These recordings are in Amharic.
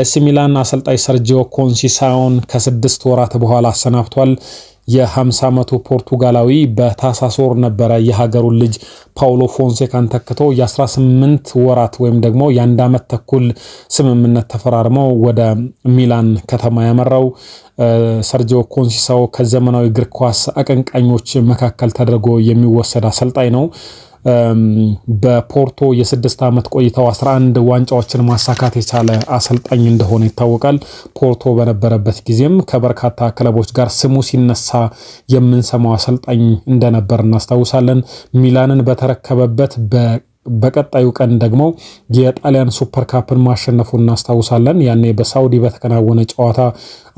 ኤሲ ሚላን አሰልጣኝ ሰርጂዮ ኮንሲሳዮን ከስድስት ወራት በኋላ አሰናብቷል። የ50 ዓመቱ ፖርቱጋላዊ በታህሳስ ወር ነበረ የሀገሩን ልጅ ፓውሎ ፎንሴካን ተክቶ የ18 ወራት ወይም ደግሞ የአንድ ዓመት ተኩል ስምምነት ተፈራርመው ወደ ሚላን ከተማ ያመራው ሰርጂዮ ኮንሲሳዮ ከዘመናዊ እግር ኳስ አቀንቃኞች መካከል ተደርጎ የሚወሰድ አሰልጣኝ ነው። በፖርቶ የስድስት ዓመት ቆይታው 11 ዋንጫዎችን ማሳካት የቻለ አሰልጣኝ እንደሆነ ይታወቃል። ፖርቶ በነበረበት ጊዜም ከበርካታ ክለቦች ጋር ስሙ ሲነሳ የምንሰማው አሰልጣኝ እንደነበር እናስታውሳለን። ሚላንን በተረከበበት በ በቀጣዩ ቀን ደግሞ የጣሊያን ሱፐር ካፕን ማሸነፉ እናስታውሳለን። ያኔ በሳውዲ በተከናወነ ጨዋታ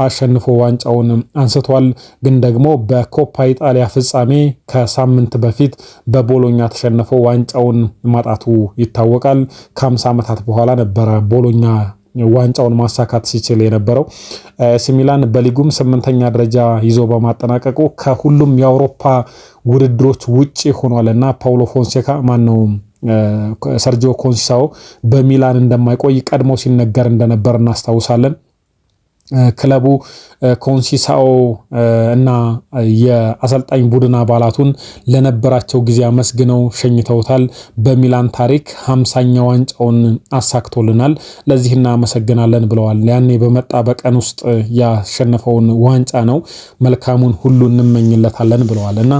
አሸንፎ ዋንጫውን አንስቷል። ግን ደግሞ በኮፓ ኢጣሊያ ፍጻሜ ከሳምንት በፊት በቦሎኛ ተሸንፎ ዋንጫውን ማጣቱ ይታወቃል። ዓመታት በኋላ ነበረ ቦሎኛ ዋንጫውን ማሳካት ሲችል የነበረው ኤሲ ሚላን በሊጉም ስምንተኛ ደረጃ ይዞ በማጠናቀቁ ከሁሉም የአውሮፓ ውድድሮች ውጪ ሆኗል እና ፓውሎ ፎንሴካ ማን ነው ሰርጂዮ ኮንሳው በሚላን እንደማይቆይ ቀድሞ ሲነገር እንደነበር እናስታውሳለን። ክለቡ ኮንሲሳኦ እና የአሰልጣኝ ቡድን አባላቱን ለነበራቸው ጊዜ አመስግነው ሸኝተውታል። በሚላን ታሪክ ሀምሳኛ ዋንጫውን አሳክቶልናል፣ ለዚህ እናመሰግናለን ብለዋል። ያኔ በመጣ በቀን ውስጥ ያሸነፈውን ዋንጫ ነው። መልካሙን ሁሉ እንመኝለታለን ብለዋል እና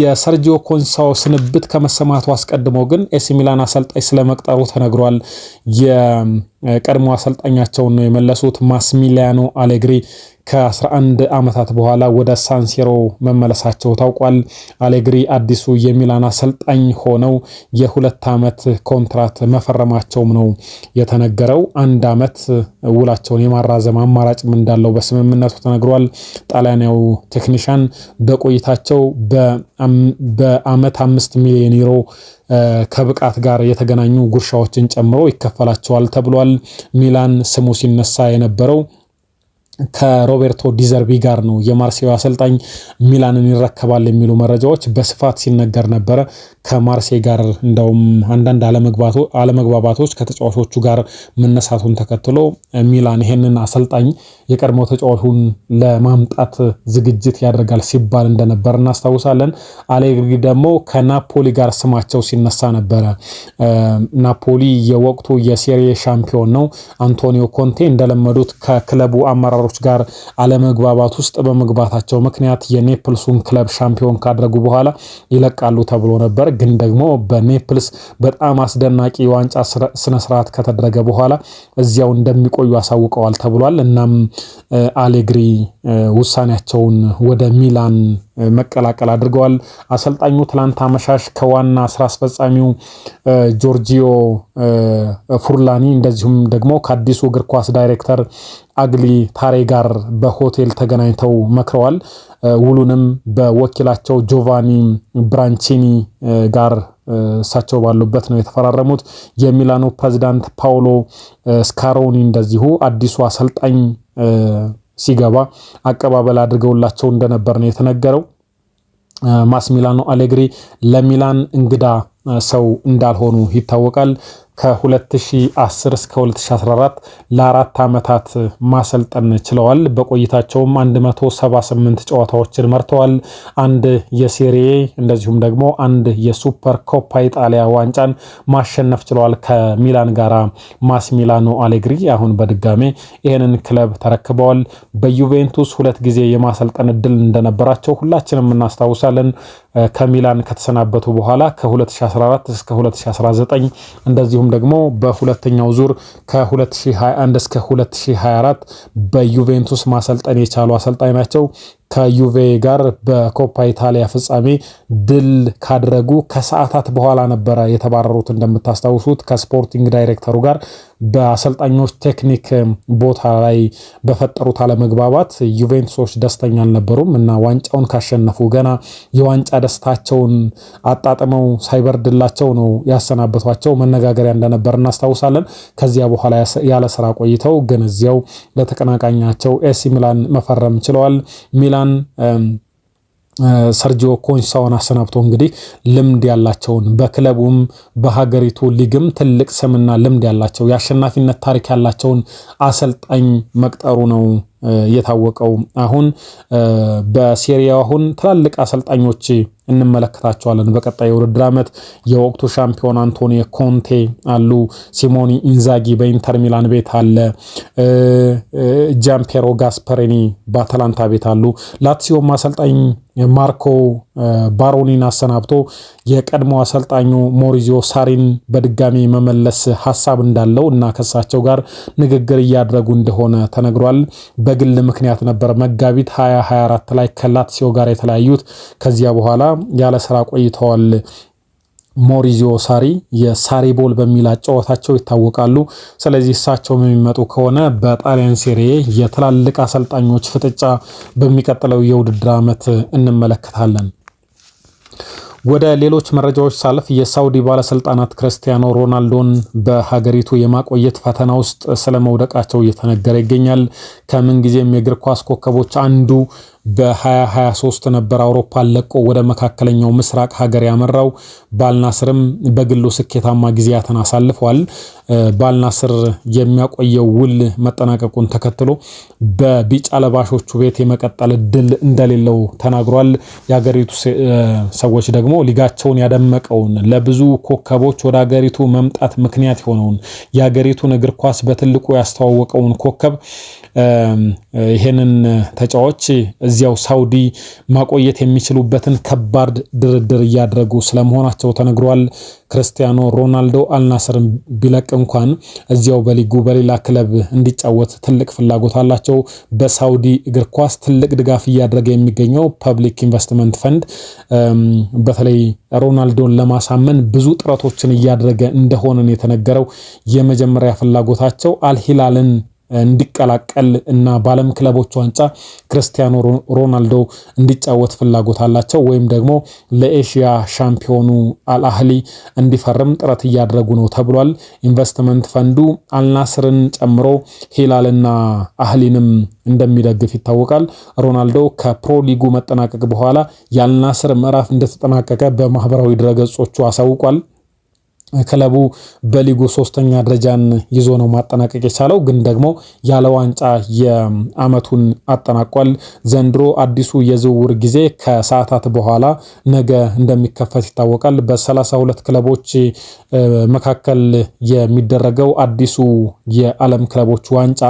የሰርጂዮ ኮንሲሳኦ ስንብት ከመሰማቱ አስቀድሞ ግን ኤሲ ሚላን አሰልጣኝ ስለመቅጠሩ ተነግሯል። ቀድሞ አሰልጣኛቸውን ነው የመለሱት ማስሚሊያኖ አሌግሪ ከ11 ዓመታት በኋላ ወደ ሳንሲሮ መመለሳቸው ታውቋል። አሌግሪ አዲሱ የሚላን አሰልጣኝ ሆነው የሁለት ዓመት ኮንትራት መፈረማቸውም ነው የተነገረው። አንድ ዓመት ውላቸውን የማራዘም አማራጭም እንዳለው በስምምነቱ ተነግሯል። ጣሊያናዊ ቴክኒሻን በቆይታቸው በዓመት አምስት ሚሊዮን ዩሮ ከብቃት ጋር የተገናኙ ጉርሻዎችን ጨምሮ ይከፈላቸዋል ተብሏል። ሚላን ስሙ ሲነሳ የነበረው ከሮቤርቶ ዲዘርቢ ጋር ነው የማርሴዮ አሰልጣኝ ሚላንን ይረከባል የሚሉ መረጃዎች በስፋት ሲነገር ነበረ። ከማርሴይ ጋር እንደውም አንዳንድ አለመግባባቶች ከተጫዋቾቹ ጋር መነሳቱን ተከትሎ ሚላን ይሄንን አሰልጣኝ የቀድሞ ተጫዋቹን ለማምጣት ዝግጅት ያደርጋል ሲባል እንደነበር እናስታውሳለን። አሌግሪ ደግሞ ከናፖሊ ጋር ስማቸው ሲነሳ ነበረ። ናፖሊ የወቅቱ የሴሪ ሻምፒዮን ነው። አንቶኒዮ ኮንቴ እንደለመዱት ከክለቡ አመራር አመራሮች ጋር አለመግባባት ውስጥ በመግባታቸው ምክንያት የኔፕልሱን ክለብ ሻምፒዮን ካደረጉ በኋላ ይለቃሉ ተብሎ ነበር። ግን ደግሞ በኔፕልስ በጣም አስደናቂ የዋንጫ ስነስርዓት ከተደረገ በኋላ እዚያው እንደሚቆዩ አሳውቀዋል ተብሏል። እናም አሌግሪ ውሳኔያቸውን ወደ ሚላን መቀላቀል አድርገዋል። አሰልጣኙ ትላንት አመሻሽ ከዋና ስራ አስፈጻሚው ጆርጂዮ ፉርላኒ እንደዚሁም ደግሞ ከአዲሱ እግር ኳስ ዳይሬክተር አግሊ ታሬ ጋር በሆቴል ተገናኝተው መክረዋል። ውሉንም በወኪላቸው ጆቫኒ ብራንቺኒ ጋር እሳቸው ባሉበት ነው የተፈራረሙት። የሚላኑ ፕሬዚዳንት ፓውሎ ስካሮኒ እንደዚሁ አዲሱ አሰልጣኝ ሲገባ አቀባበል አድርገውላቸው እንደነበር ነው የተነገረው። ማስሚላኖ አሌግሪ ለሚላን እንግዳ ሰው እንዳልሆኑ ይታወቃል። ከ2010 እስከ 2014 ለአራት ዓመታት ማሰልጠን ችለዋል። በቆይታቸውም 178 ጨዋታዎችን መርተዋል። አንድ የሴሬ እንደዚሁም ደግሞ አንድ የሱፐር ኮፓ ኢጣሊያ ዋንጫን ማሸነፍ ችለዋል ከሚላን ጋር ማስሚላኖ አሌግሪ አሁን በድጋሜ ይህንን ክለብ ተረክበዋል። በዩቬንቱስ ሁለት ጊዜ የማሰልጠን እድል እንደነበራቸው ሁላችንም እናስታውሳለን። ከሚላን ከተሰናበቱ በኋላ ከ2014 እስከ 2019 እንደዚሁ እንደዚሁም ደግሞ በሁለተኛው ዙር ከ2021 እስከ 2024 በዩቬንቱስ ማሰልጠን የቻሉ አሰልጣኝ ናቸው። ከዩቬ ጋር በኮፓ ኢታሊያ ፍጻሜ ድል ካድረጉ ከሰዓታት በኋላ ነበረ የተባረሩት። እንደምታስታውሱት ከስፖርቲንግ ዳይሬክተሩ ጋር በአሰልጣኞች ቴክኒክ ቦታ ላይ በፈጠሩት አለመግባባት ዩቬንቱሶች ደስተኛ አልነበሩም እና ዋንጫውን ካሸነፉ ገና የዋንጫ ደስታቸውን አጣጥመው ሳይበርድላቸው ነው ያሰናበቷቸው። መነጋገሪያ እንደነበር እናስታውሳለን። ከዚያ በኋላ ያለ ስራ ቆይተው ግን እዚያው ለተቀናቃኛቸው ኤሲ ሚላን መፈረም ችለዋል። ሚላን ሰርጂዮ ኮንሳውን አሰናብቶ እንግዲህ ልምድ ያላቸውን በክለቡም በሀገሪቱ ሊግም ትልቅ ስምና ልምድ ያላቸው የአሸናፊነት ታሪክ ያላቸውን አሰልጣኝ መቅጠሩ ነው የታወቀው። አሁን በሴሪያው አሁን ትላልቅ አሰልጣኞች እንመለከታቸዋለን በቀጣይ የውድድር ዓመት የወቅቱ ሻምፒዮን አንቶኒ ኮንቴ አሉ። ሲሞኒ ኢንዛጊ በኢንተር ሚላን ቤት አለ። ጃምፔሮ ጋስፐሬኒ በአታላንታ ቤት አሉ። ላትሲዮም አሰልጣኝ ማርኮ ባሮኒን አሰናብቶ የቀድሞ አሰልጣኙ ሞሪዚዮ ሳሪን በድጋሚ መመለስ ሀሳብ እንዳለው እና ከሳቸው ጋር ንግግር እያደረጉ እንደሆነ ተነግሯል። በግል ምክንያት ነበር መጋቢት 2024 ላይ ከላትሲዮ ጋር የተለያዩት። ከዚያ በኋላ ያለ ስራ ቆይተዋል። ሞሪዚዮ ሳሪ የሳሪ ቦል በሚል አጨዋወታቸው ይታወቃሉ። ስለዚህ እሳቸውም የሚመጡ ከሆነ በጣሊያን ሴሬ የትላልቅ አሰልጣኞች ፍጥጫ በሚቀጥለው የውድድር ዓመት እንመለከታለን። ወደ ሌሎች መረጃዎች ሳልፍ የሳውዲ ባለስልጣናት ክርስቲያኖ ሮናልዶን በሀገሪቱ የማቆየት ፈተና ውስጥ ስለመውደቃቸው እየተነገረ ይገኛል። ከምንጊዜም የእግር ኳስ ኮከቦች አንዱ በ2023 ነበር አውሮፓን ለቆ ወደ መካከለኛው ምስራቅ ሀገር ያመራው። ባልናስርም በግሉ ስኬታማ ጊዜያትን አሳልፏል። ባልናስር የሚያቆየው ውል መጠናቀቁን ተከትሎ በቢጫ ለባሾቹ ቤት የመቀጠል እድል እንደሌለው ተናግሯል። የሀገሪቱ ሰዎች ደግሞ ሊጋቸውን ያደመቀውን ለብዙ ኮከቦች ወደ ሀገሪቱ መምጣት ምክንያት የሆነውን የሀገሪቱን እግር ኳስ በትልቁ ያስተዋወቀውን ኮከብ ይሄንን ተጫዋች እዚያው ሳውዲ ማቆየት የሚችሉበትን ከባድ ድርድር እያደረጉ ስለመሆናቸው ተነግሯል። ክርስቲያኖ ሮናልዶ አልናስርን ቢለቅ እንኳን እዚያው በሊጉ በሌላ ክለብ እንዲጫወት ትልቅ ፍላጎት አላቸው። በሳውዲ እግር ኳስ ትልቅ ድጋፍ እያደረገ የሚገኘው ፐብሊክ ኢንቨስትመንት ፈንድ በተለይ ሮናልዶን ለማሳመን ብዙ ጥረቶችን እያደረገ እንደሆነን የተነገረው የመጀመሪያ ፍላጎታቸው አልሂላልን እንዲቀላቀል እና በዓለም ክለቦች ዋንጫ ክርስቲያኖ ሮናልዶ እንዲጫወት ፍላጎት አላቸው ወይም ደግሞ ለኤሽያ ሻምፒዮኑ አልአህሊ እንዲፈርም ጥረት እያደረጉ ነው ተብሏል። ኢንቨስትመንት ፈንዱ አልናስርን ጨምሮ ሂላልና አህሊንም እንደሚደግፍ ይታወቃል። ሮናልዶ ከፕሮ ሊጉ መጠናቀቅ በኋላ የአልናስር ምዕራፍ እንደተጠናቀቀ በማህበራዊ ድረገጾቹ አሳውቋል። ክለቡ በሊጉ ሶስተኛ ደረጃን ይዞ ነው ማጠናቀቅ የቻለው። ግን ደግሞ ያለ ዋንጫ የአመቱን አጠናቋል። ዘንድሮ አዲሱ የዝውውር ጊዜ ከሰዓታት በኋላ ነገ እንደሚከፈት ይታወቃል። በሰላሳ ሁለት ክለቦች መካከል የሚደረገው አዲሱ የዓለም ክለቦች ዋንጫ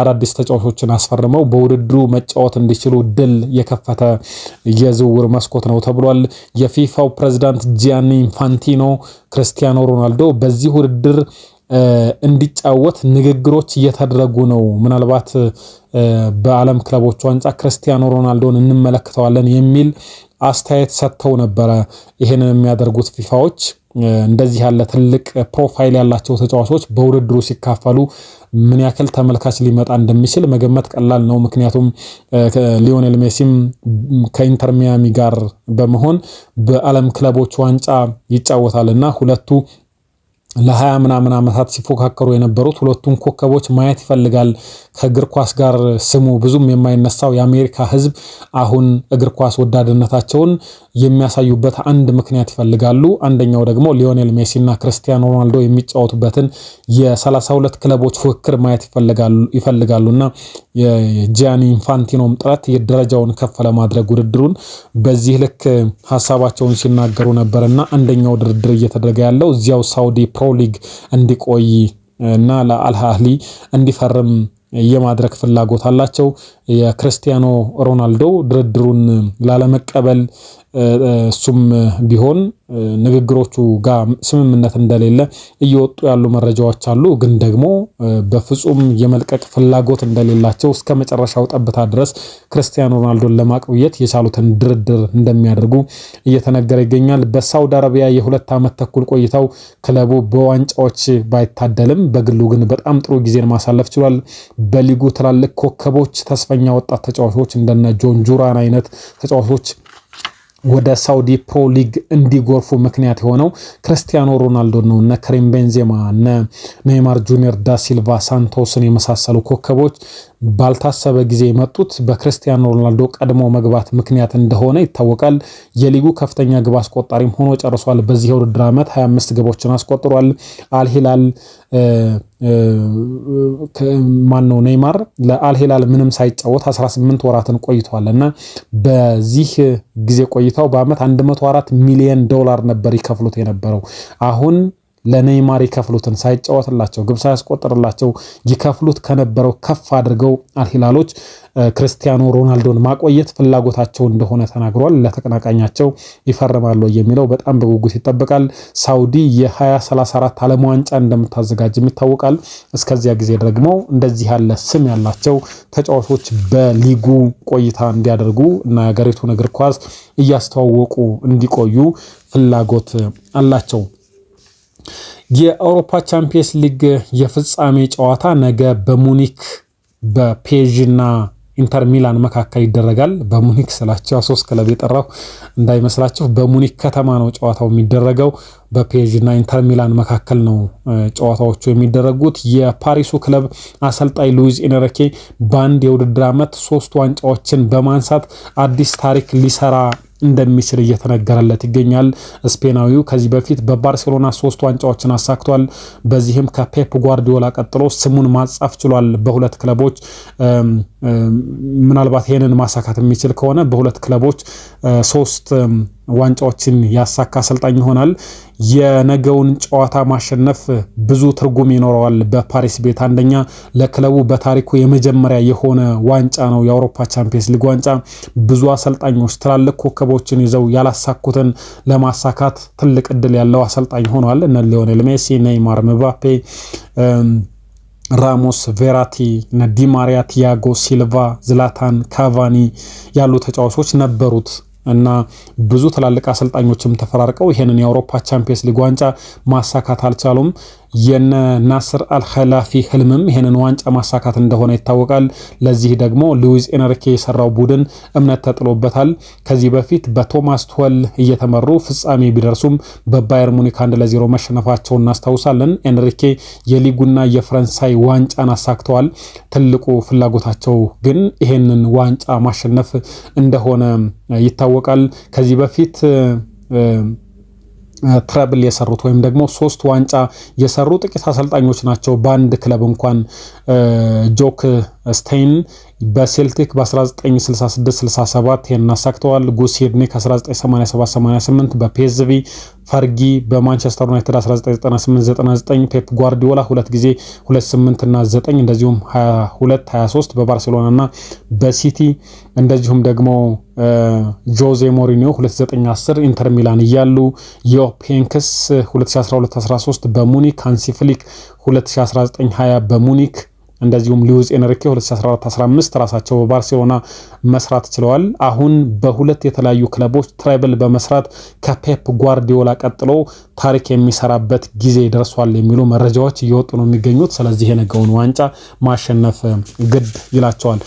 አዳዲስ ተጫዋቾችን አስፈርመው በውድድሩ መጫወት እንዲችሉ ድል የከፈተ የዝውውር መስኮት ነው ተብሏል። የፊፋው ፕሬዚዳንት ጂያኒ ኢንፋንቲኖ ክርስቲያኖ ሮናልዶ በዚህ ውድድር እንዲጫወት ንግግሮች እየተደረጉ ነው። ምናልባት በዓለም ክለቦች ዋንጫ ክርስቲያኖ ሮናልዶን እንመለከተዋለን የሚል አስተያየት ሰጥተው ነበረ። ይህንን የሚያደርጉት ፊፋዎች እንደዚህ ያለ ትልቅ ፕሮፋይል ያላቸው ተጫዋቾች በውድድሩ ሲካፈሉ ምን ያክል ተመልካች ሊመጣ እንደሚችል መገመት ቀላል ነው። ምክንያቱም ሊዮኔል ሜሲም ከኢንተር ሚያሚ ጋር በመሆን በዓለም ክለቦች ዋንጫ ይጫወታል እና ሁለቱ ለሀያ ምናምን ዓመታት ሲፎካከሩ የነበሩት ሁለቱን ኮከቦች ማየት ይፈልጋል። ከእግር ኳስ ጋር ስሙ ብዙም የማይነሳው የአሜሪካ ሕዝብ አሁን እግር ኳስ ወዳድነታቸውን የሚያሳዩበት አንድ ምክንያት ይፈልጋሉ። አንደኛው ደግሞ ሊዮኔል ሜሲ ክርስቲያኖ ሮናልዶ የሚጫወቱበትን የ32 ክለቦች ፉክክር ማየት ይፈልጋሉ እና የጂያኒ ኢንፋንቲኖም ጥረት የደረጃውን ከፍ ለማድረግ ውድድሩን በዚህ ልክ ሀሳባቸውን ሲናገሩ ነበር እና አንደኛው ድርድር እየተደረገ ያለው እዚያው ሳውዲ ፕሮ በአውሮፓው ሊግ እንዲቆይ እና ለአልሃህሊ እንዲፈርም የማድረግ ፍላጎት አላቸው። የክርስቲያኖ ሮናልዶ ድርድሩን ላለመቀበል እሱም ቢሆን ንግግሮቹ ጋር ስምምነት እንደሌለ እየወጡ ያሉ መረጃዎች አሉ። ግን ደግሞ በፍጹም የመልቀቅ ፍላጎት እንደሌላቸው እስከ መጨረሻው ጠብታ ድረስ ክርስቲያኖ ሮናልዶን ለማቆየት የቻሉትን ድርድር እንደሚያደርጉ እየተነገረ ይገኛል። በሳውዲ አረቢያ የሁለት ዓመት ተኩል ቆይታው ክለቡ በዋንጫዎች ባይታደልም በግሉ ግን በጣም ጥሩ ጊዜን ማሳለፍ ችሏል። በሊጉ ትላልቅ ኮከቦች፣ ተስፈኛ ወጣት ተጫዋቾች እንደነ ጆን ጁራን አይነት ተጫዋቾች ወደ ሳውዲ ፕሮ ሊግ እንዲጎርፉ ምክንያት የሆነው ክርስቲያኖ ሮናልዶ ነው። እነ ከሪም ቤንዜማ፣ እነ ኔይማር ጁኒየር ዳሲልቫ፣ ሳንቶስን የመሳሰሉ ኮከቦች ባልታሰበ ጊዜ የመጡት በክርስቲያኖ ሮናልዶ ቀድሞ መግባት ምክንያት እንደሆነ ይታወቃል። የሊጉ ከፍተኛ ግብ አስቆጣሪም ሆኖ ጨርሷል። በዚህ የውድድር ዓመት 25 ግቦችን አስቆጥሯል። አልሂላል ማነው ኔይማር ለአልሄላል ምንም ሳይጫወት 18 ወራትን ቆይቷል እና በዚህ ጊዜ ቆይታው በአመት 104 ሚሊዮን ዶላር ነበር ይከፍሉት የነበረው አሁን ለኔይማር የከፍሉትን ሳይጫወትላቸው ግብ ሳያስቆጥርላቸው ይከፍሉት ከነበረው ከፍ አድርገው አልሂላሎች ክርስቲያኖ ሮናልዶን ማቆየት ፍላጎታቸው እንደሆነ ተናግሯል። ለተቀናቃኛቸው ይፈርማሉ የሚለው በጣም በጉጉት ይጠበቃል። ሳውዲ የ2034 ዓለም ዋንጫ እንደምታዘጋጅም ይታወቃል። እስከዚያ ጊዜ ደግሞ እንደዚህ ያለ ስም ያላቸው ተጫዋቾች በሊጉ ቆይታ እንዲያደርጉ እና የሀገሪቱን እግር ኳስ እያስተዋወቁ እንዲቆዩ ፍላጎት አላቸው። የአውሮፓ ቻምፒየንስ ሊግ የፍጻሜ ጨዋታ ነገ በሙኒክ በፔዥ እና ኢንተር ሚላን መካከል ይደረጋል። በሙኒክ ስላቸው ሶስት ክለብ የጠራው እንዳይመስላቸው በሙኒክ ከተማ ነው ጨዋታው የሚደረገው። በፔዥ እና ኢንተር ሚላን መካከል ነው ጨዋታዎቹ የሚደረጉት። የፓሪሱ ክለብ አሰልጣኝ ሉዊዝ ኢነረኬ በአንድ የውድድር ዓመት ሶስት ዋንጫዎችን በማንሳት አዲስ ታሪክ ሊሰራ እንደሚችል እየተነገረለት ይገኛል። ስፔናዊው ከዚህ በፊት በባርሴሎና ሶስት ዋንጫዎችን አሳክቷል። በዚህም ከፔፕ ጓርዲዮላ ቀጥሎ ስሙን ማጻፍ ችሏል በሁለት ክለቦች ምናልባት ይህንን ማሳካት የሚችል ከሆነ በሁለት ክለቦች ሶስት ዋንጫዎችን ያሳካ አሰልጣኝ ይሆናል። የነገውን ጨዋታ ማሸነፍ ብዙ ትርጉም ይኖረዋል በፓሪስ ቤት። አንደኛ ለክለቡ በታሪኩ የመጀመሪያ የሆነ ዋንጫ ነው፣ የአውሮፓ ቻምፒየንስ ሊግ ዋንጫ። ብዙ አሰልጣኞች ትላልቅ ኮከቦችን ይዘው ያላሳኩትን ለማሳካት ትልቅ እድል ያለው አሰልጣኝ ሆኗል። እነ ሊዮኔል ሜሲ፣ ኔይማር፣ ምባፔ ራሞስ፣ ቬራቲ፣ ዲማሪያ፣ ቲያጎ ሲልቫ፣ ዝላታን ካቫኒ ያሉ ተጫዋቾች ነበሩት እና ብዙ ትላልቅ አሰልጣኞችም ተፈራርቀው ይህንን የአውሮፓ ቻምፒየንስ ሊግ ዋንጫ ማሳካት አልቻሉም። የነ ናስር አልኸላፊ ህልምም ይህንን ዋንጫ ማሳካት እንደሆነ ይታወቃል። ለዚህ ደግሞ ሉዊዝ ኤነርኬ የሰራው ቡድን እምነት ተጥሎበታል። ከዚህ በፊት በቶማስ ቶል እየተመሩ ፍጻሜ ቢደርሱም በባየር ሙኒክ አንድ ለዜሮ መሸነፋቸውን እናስታውሳለን። ኤነርኬ የሊጉና የፈረንሳይ ዋንጫን አሳክተዋል። ትልቁ ፍላጎታቸው ግን ይሄንን ዋንጫ ማሸነፍ እንደሆነ ይታወቃል። ከዚህ በፊት ትረብል የሰሩት ወይም ደግሞ ሶስት ዋንጫ የሰሩ ጥቂት አሰልጣኞች ናቸው። በአንድ ክለብ እንኳን ጆክ ስታይን በሴልቲክ በ1966/67 ይህን አሳክተዋል። ጉሲድኒ ሂድኒክ 1987/88 በፒኤስቪ፣ ፈርጊ በማንቸስተር ዩናይትድ 1998/99 ፔፕ ጓርዲዮላ ሁለት ጊዜ 28ና 9 እንደዚሁም 22 23 በባርሴሎና እና በሲቲ እንደዚሁም ደግሞ ጆዜ ሞሪኒዮ 2910 ኢንተር ሚላን እያሉ የፔንክስ 2012/13 በሙኒክ ሃንሲ ፍሊክ 2019/20 በሙኒክ እንደዚሁም ሉዊስ ኤንሪኬ 2014-15 ራሳቸው በባርሴሎና መስራት ችለዋል። አሁን በሁለት የተለያዩ ክለቦች ትራይበል በመስራት ከፔፕ ጓርዲዮላ ቀጥሎ ታሪክ የሚሰራበት ጊዜ ደርሷል የሚሉ መረጃዎች እየወጡ ነው የሚገኙት። ስለዚህ የነገውን ዋንጫ ማሸነፍ ግድ ይላቸዋል።